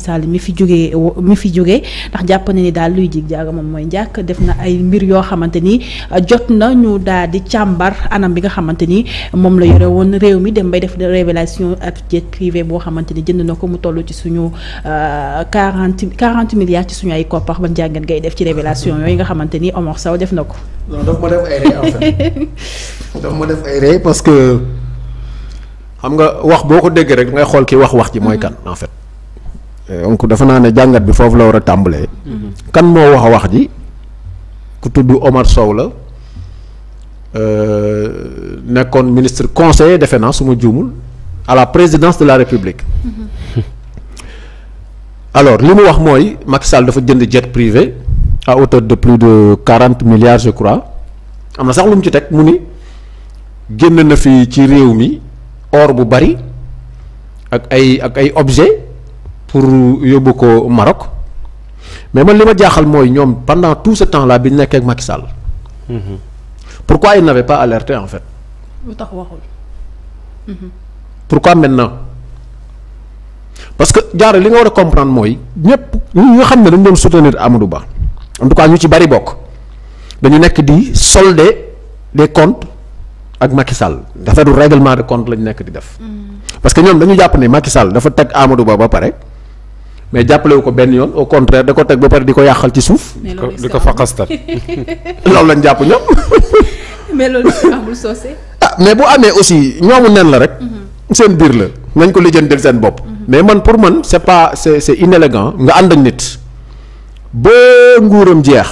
Sall mi fi jógee mi fi jóge ndax jàpp na ni daal luy jig jaaga moom mooy njàkk def na ay mbir yoo xamante ni euh, jot na ñu daal di càmbar anam bi nga xamante ni moom la yore woon réew mi dem bay def révélation ak jet boo xamante ni jënd na ko mu toll ci suñu euh, quarante quarante milliards ci suñu ay koppax ban jàngat ngay def ci révélation yooyu nga xamante ni Omar Sow def na ko. non daf parce que xam nga wax boo ko rek ngay xool ki wax wax ji mooy kan donc dafa naa ne jàngat bi foofu la war a tàmbalee. Mm-hmm. kan moo wax a wax ji ku tudd Omar Sow la euh, nekkoon ministre conseiller defe naa su ma juumul à la présidence de la République. Mm-hmm. alors li mu wax mooy Macky dafa jënd jet privé à hauteur de plus de quarante milliards je crois am na sax lu ci teg mu ni génn na fi ci réew mi or bu bari ak ay ak ay objet pour yóbbu ko Maroc mais man li ma jaaxal mooy ñoom pendant tout ce temps là bi ñu nekkee ak Sall. Mhm. pourquoi il n'avait pas alerté en fait. lu tax waxul. Mhm. pourquoi maintenant parce que jaare li nga war a comprendre mooy ñëpp ñi nga xam ne dañu doon soutenir Amadou Ba en tout cas ñu ci bari bokk dañu nekk di solder des comptes ak Macky Sall dafa du règlement de compte lañu nekk di def. Mhm. parce que ñoom dañu jàpp ne Macky Sall dafa teg Amadou Ba ba pare. mais jàppalewu ko benn yoon au contraire da ko teg ba pare di ko yàqal ci suuf. di ko faqastal loolu lañ jàpp ñoom. mais ah mais bu amee aussi ñoomu nen la rek. Mhm. seen biir la nañ ko lijjantil seen bopp. Mhm. mais man pour man c'est pas c'est c'est inélégant nga ànd ak nit. ba nguuram jeex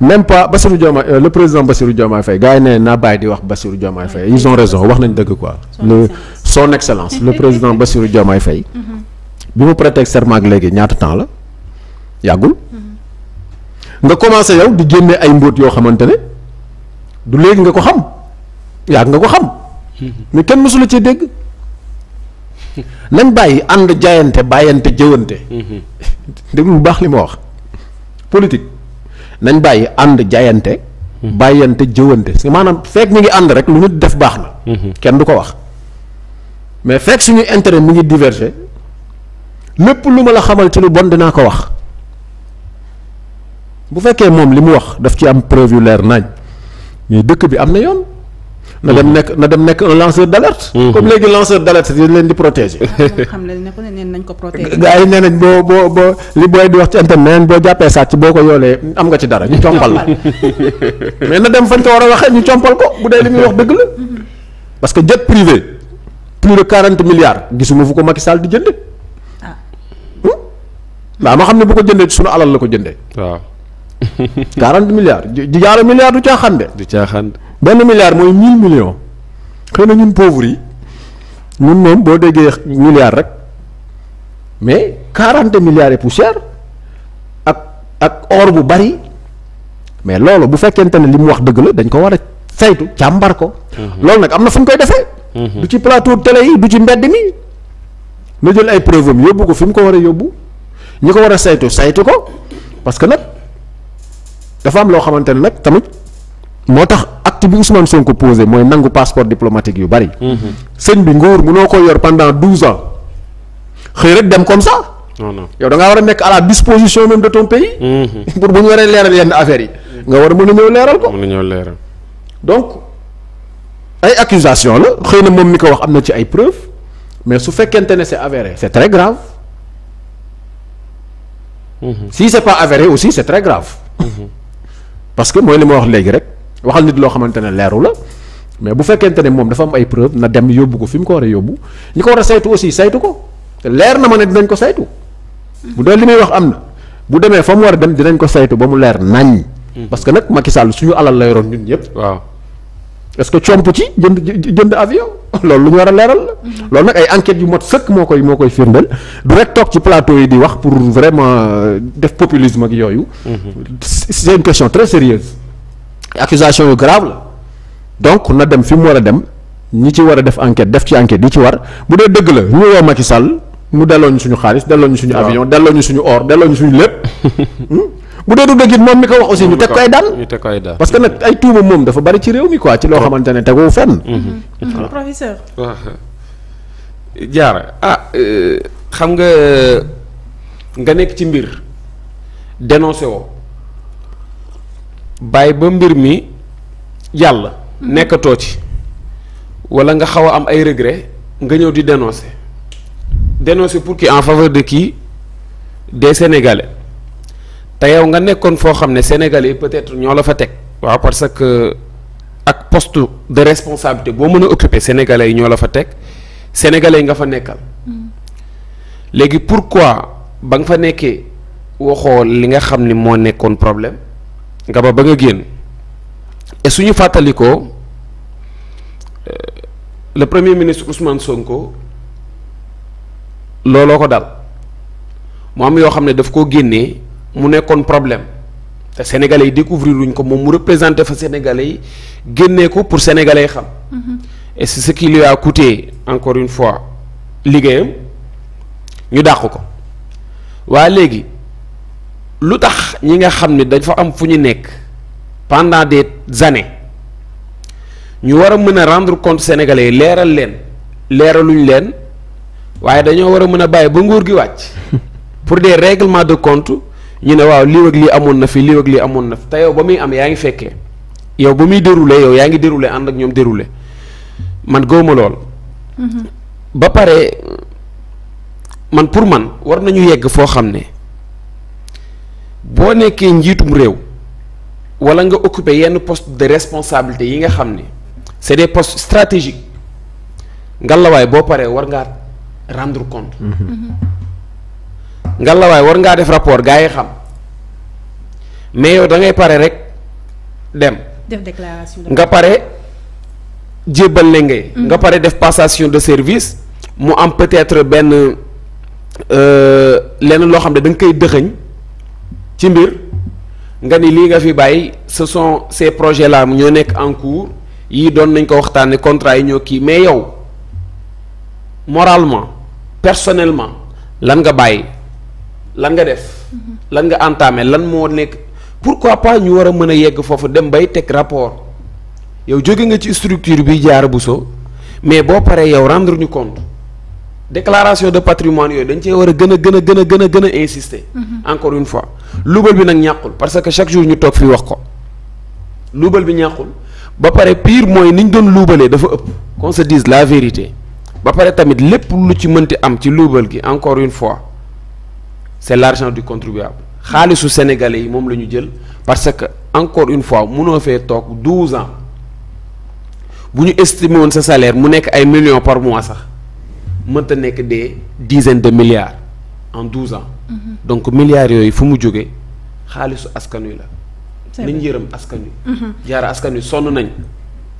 même pas Bassirou Diomaye euh, le président Bassirou Diomaye Faye gars yi ne naa bàyyi di wax bassiru Diomaye Faye ils ont raison wax nañ dëgg quoi. son excellence le son excellence le président bassiru Diomaye Faye. Mhm. bi mu prêter serment ak léegi ñaata temps la yàggul nga commencé yow di génne ay mbóot yoo xamante ne du léegi nga ko xam yàgg nga ko xam mais kenn mësula ci dégg nañ bàyyi ànd jaayante bàyyante jëwante déglu baax li ma wax politique nañ bàyyi ànd jaayante bàyyante jëwante parce maanaam fekk ñu ngi ànd rek lu ñu def baax na mhm. kenn du ko wax mais fekk suñu intérêt mu ngi diverger lépp lu ma la xamal ci lu bon dinaa ko wax bu fekkee moom li mu wax daf ci am preuve yu leer nañ mais dëkk bi am na yoon. na dem mhm. nekk na dem nekk un lanceur d' alerte. Mhm. comme léegi lanceur d' alerte dañ leen di protéger. xam nañ ko protéger. gars yi nee nañ boo boo boo li booy di wax ci internet boo jàppee sàcc boo ko yoolee am nga ci dara ñu compal la mais na dem fañ ko war a waxee ñu compal ko bu dee li muy wax dëgg la mhm. parce que jet privé plus de quarante milliards gisuma fu ko Macky Sall di jënd. waaw ma xam ne bu ko jëndee ci sunu alal la ko jëndee. waaw. 40 milliards di jaara milliard du caaxaan de. benn milliard mooy 1000 millions. xëy na ñun pauvres yi ñun moom boo déggee milliard rek mais 40 milliards et poussière ak ak or bu bari mais loolu bu fekkente ne li mu wax dëgg la dañ ko war a saytu càmbar ko. Mhm. loolu nag am na fu ñu koy defee. Mhm. du ci plateau télé yi du ci mbedd mi. na jël ay preuve am yóbbu ko fi mu ko war a yóbbu. ñi ko war a saytu saytu ko parce que nag dafa am loo xamante ne nag tamit moo tax acte bi Ousmane ko posé mooy nangu passeport diplomatique yu bari. Mhm. sëñ bi nguur noo ko yor pendant douze xëy rek dem comme sax non non yow da ngaa war a nekk à la disposition même de ton pays. Mhm. pour bu ñu waree leeral yenn affaire yi. nga war a mën a ñëw leeral ko. mën a ñëw donc ay accusation la xëy na moom mi ko wax am na ci ay preuves mais su fekkente ne c'est affaire c'est très grave. Mhm. si c'est pas avéré aussi c'est très grave. Mhm. parce que mooy li ma wax léegi rek waxal nit loo xamante ne leeru la mais bu fekkente ne moom dafa am ay preuve na dem yóbbu ko fi mu ko war a yóbbu ñu ko war a saytu aussi saytu ko te leer na ma ne dinañ ko saytu. bu doon li muy wax am na bu demee fa mu war a dem dinañ ko saytu ba mu leer naññ. Mhm. parce que nag Macky Sall suñu alal la yoroon ñun ñëpp. waaw parce que comp ci jënd jënd avion loolu lu ñu war a leeral la. Mhm. loolu nag ay enquêtes yu mot sëkk moo koy moo koy firndeel du rek toog ci plateau yi di wax pour vraiment euh, def populisme ak yooyu. Mhm. c'est une question très sérieuse accusation yu grave la donc na dem fi mu war a dem ñi ci war a def enquête def ci enquête yu ci war bu dee dëgg la ñu woo Macky Sall mu delloo ñu suñu xaalis delloo ñu suñu avion delloo ñu suñu or delloo ñu suñu lépp. bu dee du dëgg it moom mi ko wax aussi ñu teg ko ay daan parce que nag ay tuuma moom dafa bari ci réew mi quoi ci loo xamante ne tegu fenn mhm. Mhm. professeur waaw jaara ah euh, xam nga euh, nga nekk ci mbir dénoncé woo bàyyi ba mbir mi yàlla mhm. nekkatoo ci wala nga xaw am ay regret nga ñëw di dénoncé dénoncé pour qui en faveur de qui des Sénégalais te yow nga nekkoon foo xam ne sénégalais peut-être ñoo la fa teg waaw parce que ak poste de responsabilité boo mën a occuper sénégalais yi ñoo la fa teg sénégalais yi nga fa nekkal mm. léegi pour quoi ba nga fa nekkee waxoo li nga xam ni moo nekkoon problème nga ba ba nga génn et suñu fàttalikoo euh, le premier ministre Ousmane Sonko looloo ko dal mu am yoo xam ne daf koo génnee mu nekkoon problème te sénégalais yi découvrir luñ ko moom mu représenté fa sénégalais yi génnee ko pour sénégalais yi xam. Mm-hmm. et c'est ce qui lui a coûté encore une fois liggéeyam ñu dàq ko waaye léegi lu tax ñi nga xam ne dafa am fu ñu nekk pendant de années ñu war a mën a rendre compte sénégalais yi leeral leen leeraluñ leen waaye dañoo war a mën a bàyyi ba nguur gi wàcc pour des règlements de compte. ñu ne waaw lii ak lii amoon na fi lii ak lii amoon na fi te yow ba muy am yaa ngi fekkee yow ba muy déroulé yow yaa ngi déroulé ànd ak ñoom déroulé man gëwma lool. Mm-hmm. ba pare man pour man war nañu yegg foo xam ne boo nekkee njiitum réew walla nga occupé yenn post de responsabilité yi nga xam ne c'est des postes stratégiques ngalawaay boo paree war ngaa rendre compte. Mm-hmm. Mm-hmm. ngallaawaay war ngaa def rapport gaa yi xam mais yow da ngay pare rek dem. def nga pare jébbal la ngay. Mm-hmm. nga pare def passation de service mu am peut-être benn euh, lenn loo xam ne da nga koy dëxëñ ci mbir nga ni lii nga fi bàyyi ce sont ces projets là ñoo nekk en cours yii doon nañ ko waxtaanee contrat yi ñoo kii mais yow moralement personnellement lan nga bàyyi. lan nga def lan nga entamé lan moo nekk pourquoi pas ñu war a mën a yegg foofu dem bay teg rapport yow jóge nga ci structure bi jaar bu so mais boo paree yow rendre ñu compte declaration de patrimoine yooyu dañ cee war a gën a gën a gën a gën a gën a insister mhm. encore une fois luubal bi nag ñàqul parce que chaque jour ñu toog fii wax ko luubal bi ñàqul ba pare pire mooy ni ñu doon luubalee dafa ëpp qu'on se dise la vérité ba pare tamit lépp lu ci mënti am ci luubal gi encore une fois c'est l'argent du contribuable xaalisu sénégalais yi moom la ñu jël parce que encore une fois mënoo fee toog 12 ans bu ñu estimé woon sa salaire mu nekk ay million par mois sax mënta nekk des dizaines de milliards en 12 ans. Mm-hmm. donc milliards yooyu fu mu jógee xaalisu askan wi la. nañ yërëm askan wi. Mm-hmm. jaara askan wi sonn nañ.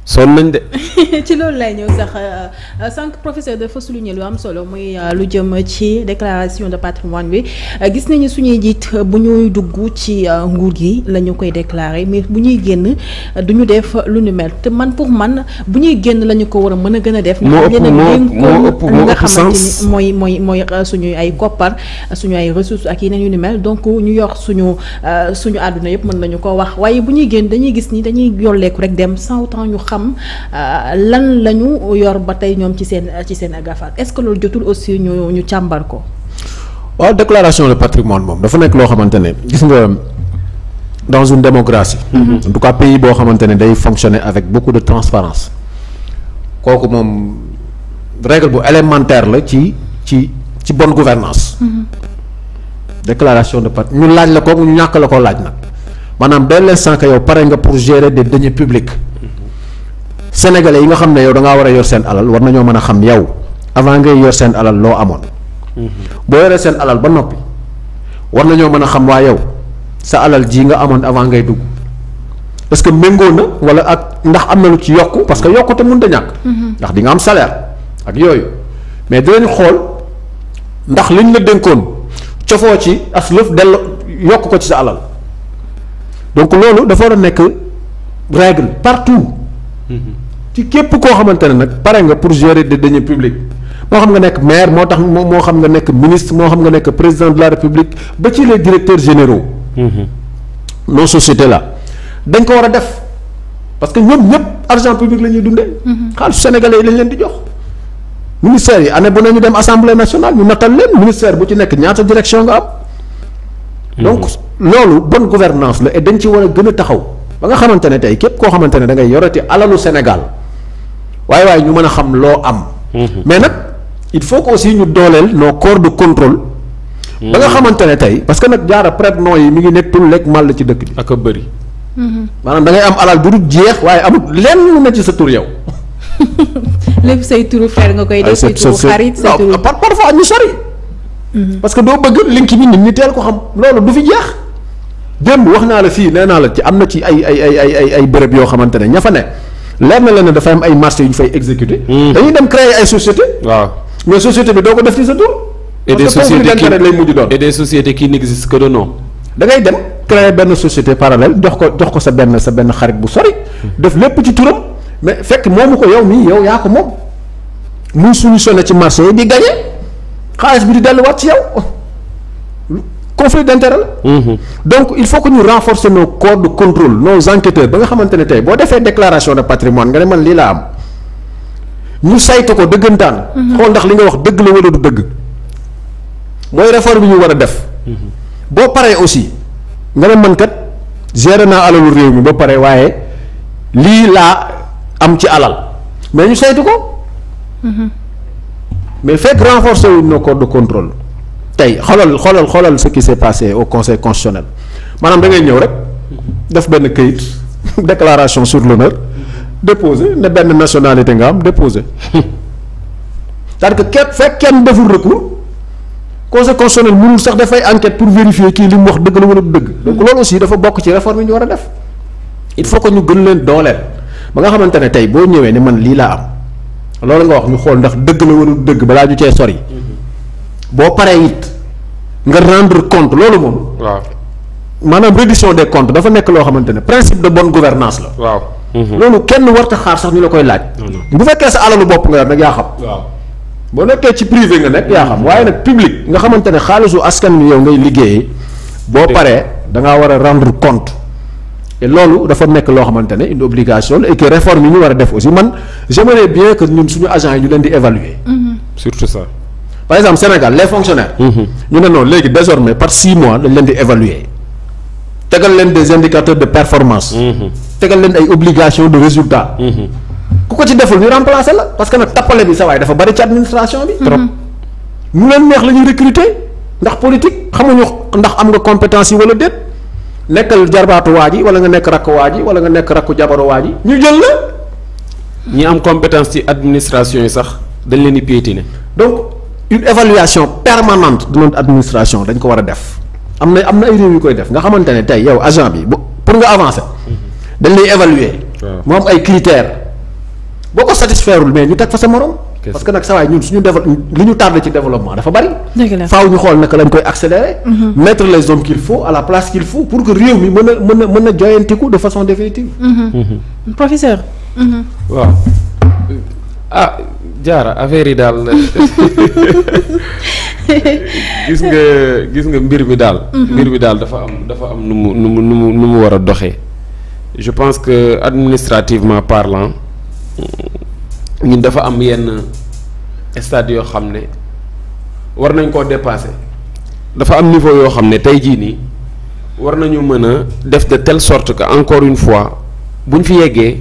sonn nañ de. ci loolu lay ñëw sax euh, sànq professeur dafa souligner lu am solo muy euh, lu jëm ci déclaration de patrimoine bi euh, gis nañu suñuy jiit bu ñuy dugg ci nguur gi lañu koy déclarer mais bu ñuy génn du ñu def lu ñu te man pour man bu ñuy génn la ko war a mën a gën a def. moo ëpp moo ëpp moo nga xamante ni mooy mooy mooy suñuy ay koppar suñu ay ressources ak yeneen yu ni mel donc ñu yor suñu suñu àdduna yëpp mën nañu ko wax waaye bu ñuy génn dañuy gis ni dañuy yolleeku rek dem sans autant ñu xam. xam euh, lan lañu yor ba tey ñoom ci seen ci seen agafaat est-ce que loolu jotul aussi ñu ñu càmbar ko. waaw déclaration de patrimoine moom dafa nekk loo xamante ne gis nga dans une démocratie. Mhm. en tout cas boo xamante ne day fonctionner avec beaucoup de transparence kooku moom règle bu élémentaire la ci ci ci bonne gouvernance mhm. déclaration de patrimoine ñu laaj la ko ñu ñàkk la ko laaj nag maanaam dès l'instant que yow pare nga pour gérer des deniers publics sénégalais yi nga xam ne yow da war a yor seen alal war nañoo mën a xam yow avant ngay yor seen alal loo amoon. Mm-hmm. boo yoree seen alal ba noppi war na ñoo mën a xam waa yow sa alal jii nga amoon avant ngay dugg est-ce que méngoo na walla ak ndax am na lu ci yokk parce que te mënut a ñàkk. Mm-hmm. ndax di nga am salaire ak yooyu mais dinañ xool ndax liñ la dénkoon cofoo ci as lëf dell yokk ko ci sa alal donc loolu dafa war a nekk règle partout. ci képp koo xamante ne nag pare nga pour gérer des deniers publics moo xam nga nekk maire moo tax moo xam nga nekk ministre moo xam nga nekk président de la république ba ci les directeurs générau mm-hmm. nos sociétés la dañ ko war a def parce que ñoom ñëpp argent public la ñuy dundee. Mm-hmm. xaalis sénégalais yi lañ leen di jox. ministère yi année bu ne ñu dem assemblée nationale ñu natal leen ministère bu ci nekk ñaata direction nga am. Mm-hmm. donc loolu bonne gouvernance la dañ ci war a gën a taxaw. ba nga xamante ne tey képp koo xamante ne da ngay yorati alalu Sénégal waaye waaye ñu mën a xam loo am. Mhm. mais nag il faut que aussi ñu dooleel nos corps de contrôle. ba nga mhm. xamante ne tey parce que nag jaara prête noo yi mi ngi nekk tul lekk màll ci dëkk bi. ak a bëri. Mhm. maanaam da am alal bu dul jeex waaye amul lenn lu ne ci sa tur yow. lépp say turu frère nga koy def. say turu xarit par turu am ñu sori. parce que doo bëgg link bi nit ñi teel ko xam loolu du fi jeex. démb wax naa la fii nee naa la ci am na ci ay ay ay ay ay bërëb yoo xamante ne ña fa ne leer na leen ne dafa am ay marché yu ñu fay exécuté. Hmm. dañuy dem créer ay société waaw mais société bi doo ko def ci sa tur. et des sociétés qui lay mujj doon et des sociétés qui n'existent que de nom. da dem créer benn société parallèle jox ko jox ko sa benn sa benn xarit bu sori. Hmm. def lépp ci turam mais fekk moomu ko yow mii yow yaa ko moom muy solutionné ci marché yi di gagné xaalis bi di delluwaat ci yow. conflit d'intérêt mhm. donc il faut que ñu renforcer nos corps de contrôle nos enquêteurs ba nga xamante ne tey boo defee déclaration de patrimoine nga ne man lii laa am ñu saytu ko dëggantaan. Mhm. xool ndax li nga wax dëgg la wala du dëgg. mooy réforme yi ñu war a def. Mhm. boo paree aussi nga ne man kat gérer naa alalu réew mi ba pare waaye lii laa am ci alal mais ñu saytu ko. mais fekk renforcer wuñ nos corps de contrôle. tey xoolal xoolal xoolal ce qui s'est passé au conseil constitutionnel maanaam da ngay ñëw rek def benn këyit déclaration sur l'honneur déposé ne benn nationalité nga am déposé c'est-à-dire que kenn fekk kenn deful recours conseil constitutionnel mënul sax dafay enquête pour vérifier kii li mu wax dëgg la wala dëgg donc loolu aussi dafa bokk ci réforme yi ñu war a def il faut que ñu gën leen dooleel ba nga xamante ne tey boo ñëwee ne man lii laa am loolu nga wax ñu xool ndax dëgg la wala dëgg balaa ñu cee sori boo paree it nga rendre compte loolu moom. waaw maanaam reddition des comptes dafa nekk loo xamante ne principe de bonne gouvernance la. waaw mhm. loolu kenn warta xaar sax ñu la koy laaj. bu fekkee sa alalu bopp nga yor nag yaa xam. waaw boo nekkee ci privé nga nekk yaa xam waaye nag public nga xamante ne xaalisu askan wi yow ngay liggéeyee. boo paree da ngaa war a rendre compte. et loolu dafa nekk loo xamante ne une obligation la et que réforme yi ñu war a def aussi man j'aimerais bien que ñun suñu agents yi ñu leen di évaluer. surtout ça. par exemple Sénégal les fonctionnaires. Mhm. ñu ne non léegi désormais par six mois dañ leen di évaluer tegal leen des indicateurs de performance. Mhm. tegal leen ay obligation de résultat. Mhm. ku ko ci deful ñu remplacer la parce que nag tappale bi sa waay dafa bari ci administration bi. trop ñu leen neex la ñuy recruter ndax politique xamuñu ndax am nga compétence yi wala déet nekkal jarbaatu waa ji wala nga nekk rakk waa ji wala nga nekk rakku jabaru waa ji ñu jël la. ñi am compétence ci administration yi sax dañ leen di piétiner une évaluation permanente de notre administration dañ ko war a def am na am na ay réew yu koy def nga xamante ne tey yow agent bi pour nga avancer mhm. dañ lay évaluer mu am ay critères boo ko satisfairewul mais ñu teg fa sa morom parce que nag saa waay ñun ñu dével li ñu tardé ci développement dafa bari faaw ñu xool naka lañ koy accélérer mhm. mettre les hommes qu'il faut à la place qu'il faut pour que réew mi mën a mën a mën a joyantiku de façon définitive mhm. professeur waaw euh, ah jaara affaire yi daal gis nga gis nga mbir mi daal. Mhm. mbir mi daal dafa am dafa am nu mu nu mu nu mu nu mu war a doxee. je pense que administrativement parlant ñun dafa am yenn stade yoo xam ne war nañ koo dépasser. dafa am niveau yoo xam ne tey jii nii war nañu mën a def de telle sorte que encore une fois buñ fi yeggee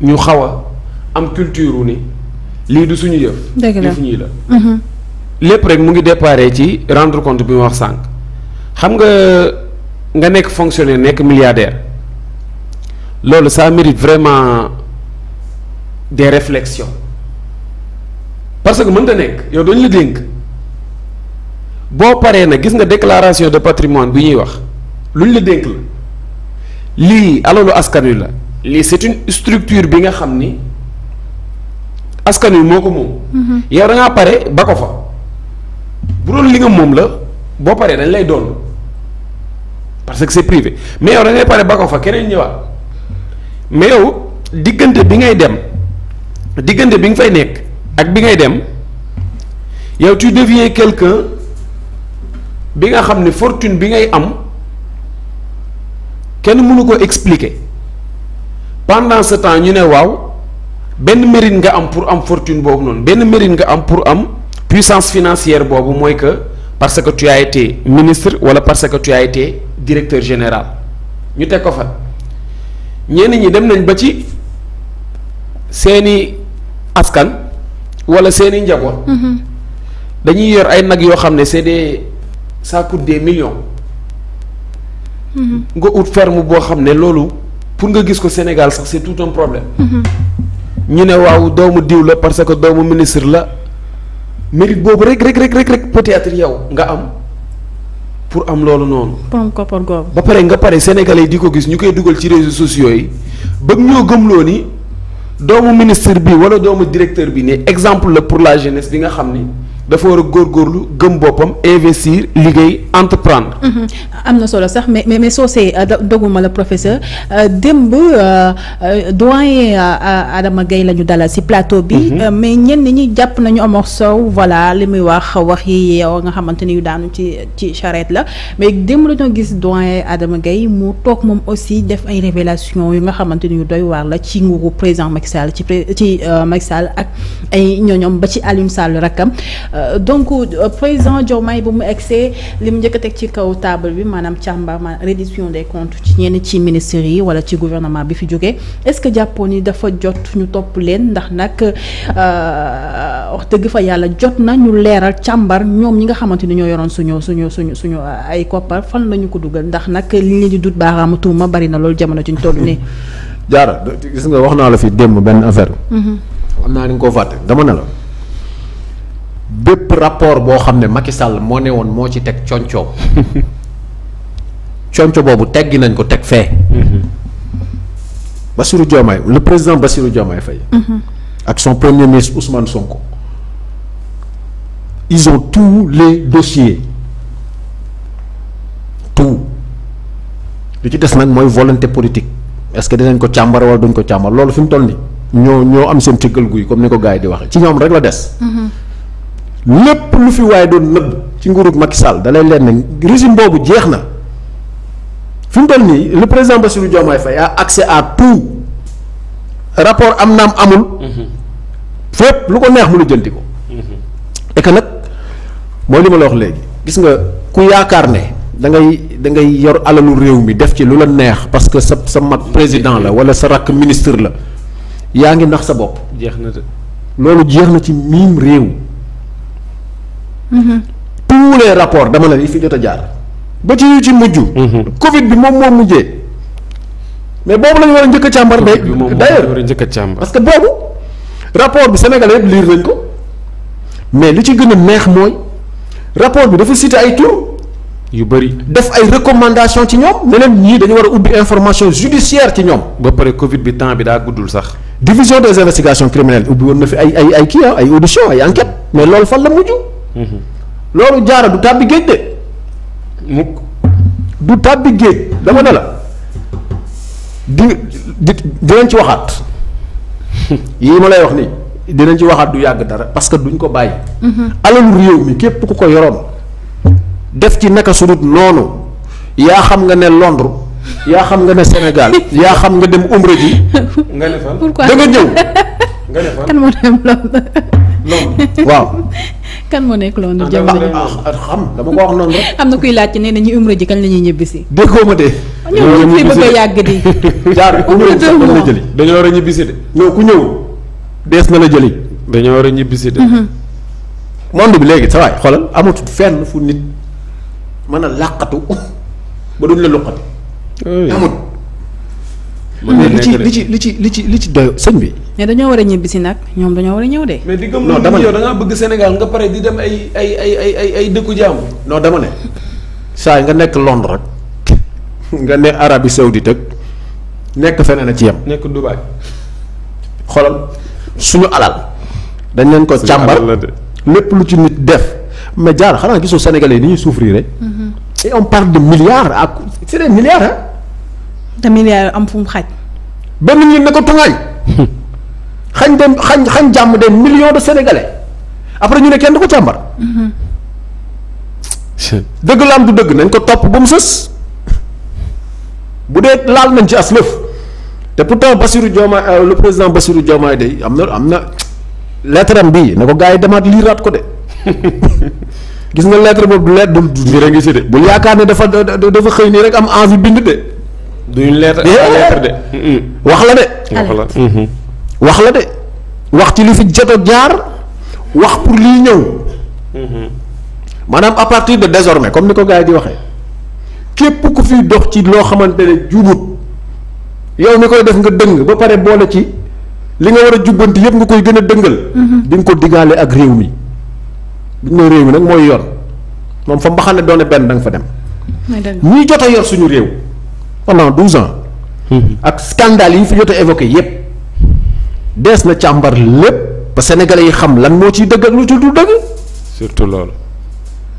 ñu xaw a. am culture wu ni lii du suñu yëf. dëgg la la. Mhm. lépp rek mu ngi déparé ci rendre compte bi ma wax sànq xam nga nga nekk fonctionnaire nekk milliardaire loolu ça mérite vraiment des réflexions parce que mënta nekk yow dañu la dénk boo paree nag gis nga déclaration de patrimoine bi ñuy wax luñ la dénk la lii alalu askan wi la lii c'est une structure bi nga xam ni. askan wi moo ko moom. Mm-hmm. yow da ngaa pare ba ko fa bu doon li nga moom la boo paree dañ lay doon parce que c'est privé mais yow da ngay pare ba ko fa keneen ñëwaat mais yow diggante bi ngay dem diggante bi nga fay nekk ak bi ngay dem yow tu deviens quelque bi nga xam ne fortune bi ngay am kenn mënu ko expliquer pendant ce temps ñu ne waaw. benn mérite nga am pour am fortune boobu noonu benn mérite nga am pour am puissance financière boobu mooy que parce que tu ministre wala parce que tu directeur général ñu teg ko fa ñenn ñi dem nañ ba ci seeni askan wala seeni njaboot. Mm-hmm. dañuy yor ay nag yoo xam ne c'est des ça coûte des millions. Mm-hmm. nga ut ferme boo xam ne loolu pour nga gis ko Sénégal sax c'est tout un problème. Mm-hmm. ñu ne waaw doomu diw la parce que doomu ministre la mérite boobu rek rek rek rek rek peut yow nga am pour am loolu noonu. ba pare nga pare yi di ko gis ñu koy dugal ci réseaux sociaux yi bëgg ñoo gëmloo ni doomu ministre bi wala doomu directeur bi ni exemple la pour la jeunesse bi nga xam ni. dafa war a góor góorgóorlu gëm boppam investir liggéey entreprendre. Mhm. am na solo sax mais mais mais soo see euh, doguma la professeur euh, démb euh, doyen Adama Gaye la ñu dalal si plateau bi. Mhm. mais ñenn ñi jàpp nañu Omar Sow voilà li muy wax wax yi yow nga xamante ni yu daanu ci ci charrette la mais démb la ñoo gis doyen Adama Gaye mu toog moom aussi def ay révélation yu nga xamante ni yu doy waar la ci nguuru président Macky Sall ci ci Macky ak ay ñooñom ba ci Alioune Sall rakkam. Euh, donc euh, président Diomaye bu mu egsee li mu njëkk a teg ci kaw taabal bi maanaam càmbar maanaam reddition des comptes ci ñenn ci ministères yi wala ci gouvernement bi fi jógee est-ce que jàppoon ni dafa jot ñu topp leen ndax nag euh, wax dëgg fa yàlla jot na ñu leeral càmbar ñoom ñi nga xamante ni ñoo yoroon suñu suñu suñu suñu ay koppar fan la ñu ko duggal ndax nag li ñu di dut baaraamu tuuma bari na loolu jamono ci ñu nii. jaara gis nga wax naa la fi démb benn affaire. Mhm. am bépp rapport boo xam ne Macky Sall moo ne woon moo ci teg concoow concoow boobu teggi nañ ko teg fee. Bassirou Diomaye le président Bassirou Diomaye Faye. Mm-hmm. ak son premier ministre Ousmane Sonko. ils ont tous les dossiers tout lu ci des nag mooy volonté politique est dinañ ko càmbar wala duñ ko càmbar loolu fi toll nii ñoo ñoo am seen cëggal guy comme ni ko gars di waxee ci ñoom rek la des. Mm-hmm. lépp lu fi waaye doon nëbb ci nguurug Macky Sall da lay leen ne régime boobu jeex na fi mu toll nii le président Bassirou Diomaye Faye a accès à tout rapport am naam amul. Mhm. fépp lu ko neex mu lijjanti ko. Mhm. et nag mooy li ma la wax léegi gis nga ku yaakaar ne da ngay da ngay yor alalu réew mi def ci lu la neex parce que sa sa mag président la wala sa rakk ministre la yaa ngi nax sa bopp. jeex na loolu jeex na ci miim réew. tous les rapports dama la yi fi jot a jaar ba ci yu ci mujj. Mhm. Covid bi moom moo mujjee. mais boobu la ñu war a njëkk a càmbar day d'ailleurs parce que boobu rapport bi sénégalais yëpp lire nañ ko mais li ci gën a neex mooy rapport bi dafa cité ay tur yu bëri def ay recommandation ci ñoom ne leen ñii dañu war a ubbi information judiciaire ci ñoom ba pare covid bi temps bi daa guddul sax division des investigations criminelles ubbi woon na fi ay ay ay kii ah, ay audition enquête mais loolu Mm-hmm. loolu jaara du tàbbi géej de mukk du tàbbi géej dama ne la di di dinañ ci waxaat yii ma lay wax nii dinañ ci waxaat du yàgg dara parce que duñ ko bàyyi. Mm-hmm. alalu réew mi képp ku ko yoroon def ci naka sudut noonu yaa xam nga ne Londres yaa xam nga ne Sénégal yaa xam nga dem umra ji. nga ne fan da nga ne fan kan moo dem Londres. Londres waaw. kan moo nekk Londres jamono ah, ah, ah, xam dama ko wax noonu rek. am na kuy laajte nee na ñu umra ji kañ la ñuy ñibbisi. déggoo ma de. ñoom ñoom fi bëgg a yàgg di. jaar ku ñëw sax la jëli. dañoo war a ñibbisi de. non ku ñëw dees na la jëli. dañoo war a ñibbisi de. Mhm. monde bi léegi sa waay xoolal amatul fenn fu nit mën a làqatu ba duñ la luqati. amut. li ci li ci li ci li ci li ci doy sëñ bi. mais dañoo war a ñibbi si nag ñoom dañoo war a ñëw de. mais di gëm non dama ne yow da nga pare di dem ay ay ay ay ay ay dëkku jàmm. non dama saa nga nekk Londres rek nga ne Arabie Saoudite ak nekk feneen a ci yam nekk Dubaï. xoolal suñu alal. dañ leen ko càmbar lépp lu ci nit def mais jaar xanaa gisoo Sénégalais yi ni ñuy souffrir eh? mm-hmm. et on parle de milliards ak c'est des milliards te milliard am fu mu xaj. ba nit ñi ko tungaay xañ dem xañ xañ jàmm de million de sénégalais après ñu ne kenn du ko càmbar. dëgg la am du dëgg nañ ko topp ba mu sës bu dee laal nañ ci as lëf te pourtant Bassirou Diomaye le président Bassirou Diomaye day am na am na lettre am bii na ko gars yi demaat liiraat ko de gis nga lettre boobu du lettre du du ngi si de bul yaakaar ne dafa dafa xëy nii rek am envie bind de. duñu lettre lettre de. wax la de. wax la mhm. wax de wax ci li fi jot jaar wax pour liy ñëw. Mhm. maanaam à partir de désormais comme ni ko gars di waxee képp ku fi dox ci loo xamante ne jubut yow mi koy def nga dëng ba pare boole ci li nga war a jubbanti yëpp nga koy gën a dëngal. Mhm. di nga ko digaale ak réew mi. bu ñu réew mi nag mooy yor moom fa mbaxane doone benn da nga fa dem. ñuy jot a yor suñu réew. pendant douze ans. Mm-hmm. ak scandale yi fi jot a évoqué yépp dees na càmbar lépp ba sénégalais yi xam lan moo ciy dëgg ak lu ci du dëgg. surtout loolu.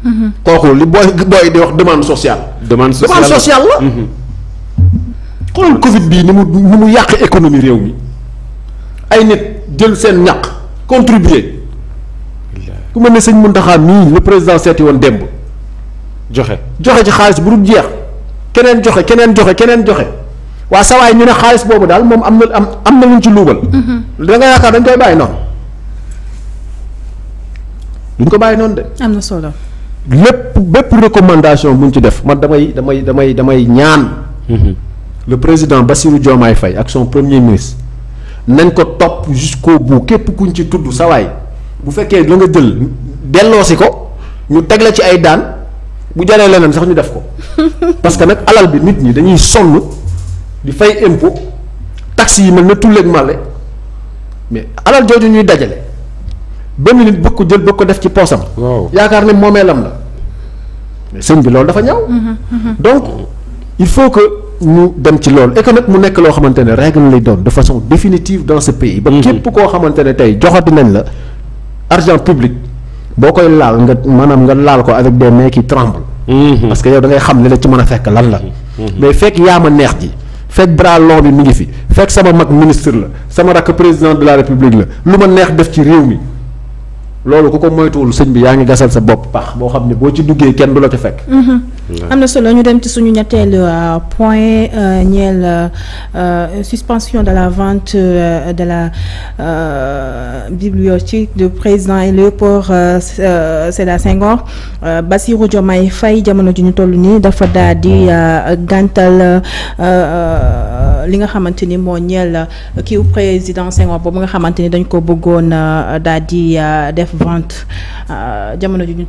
Mm-hmm. kooku li booy booy di wax demande social demande sociale demande sociale la. Mm-hmm. xoolal Covid bii ni mu ni mu yàq économie réew mi ay nit jël seen ñaq contribuer ku mën ne sëñ Mountakha mii le président seeti woon démb. joxe joxe ci xaalis bu dul jeex. keneen joxe keneen joxe keneen joxe waa sawaay ñu ne xaalis boobu daal moom am na am am na luñ ci luubal. Mm-hmm. da yaakaar dañ koy bàyyi noonu. duñ ko bàyyi noonu de. am na solo. lépp bépp recommandation buñ ci def man damay damay damay damay ñaan. Mm-hmm. le président Bassirou Diomaye fay ak son premier ministre nañ ko topp jusqu'au bout képp kuñ ci tudd sawaay bu fekkee la nga jël delloosi ko ñu teg la ci ay daan. bu jaree leneen sax ñu def ko parce que nag alal bi nit ñi dañuy sonn di fay impôt taxes yi mel na tulleeg male mais alal jooju ñuy dajale benn nit bëgg ko jël bëgg ko def ci poosam. yaakaar ne moomeelam la mais bi loolu dafa ñaaw. Mhm, mhm. donc il faut que ñu dem ci loolu et nag mu nekk loo xamante ne règle lay doon de façon définitive dans ce pays. ba mhm. képp koo xamante ne tey joxati nañ la argent public. boo koy laal nga maanaam nga laal ko avec des mains qui tremblent. Mhm. que yow da ngay xam li la ci mën a fekk lan la. Mhm. Mhm. mais fekk yaa ma neex ji. fekk bras long bi mi ngi fi fekk sama mag ministre la sama rakk président de la république la lu ma neex def ci réew mi loolu ku ko moytuwul sëñ bi yaa ngi gasal sa bopp pax boo xam ne boo ci duggee kenn du la ca fekk. am na solo ñu dem ci suñu ñetteelu euh, point euh, ñeel euh, suspension de la vente de la bibliothèque du président Léopold Sédar Senghor Bassirou Diomaye fay jamono ji ñu toll nii dafa daal di mm. gàntal li nga xamante ni moo ñeel kiiw président Senghor boobu nga xamante ni dañ ko bëggoon daal di def vente jamono ji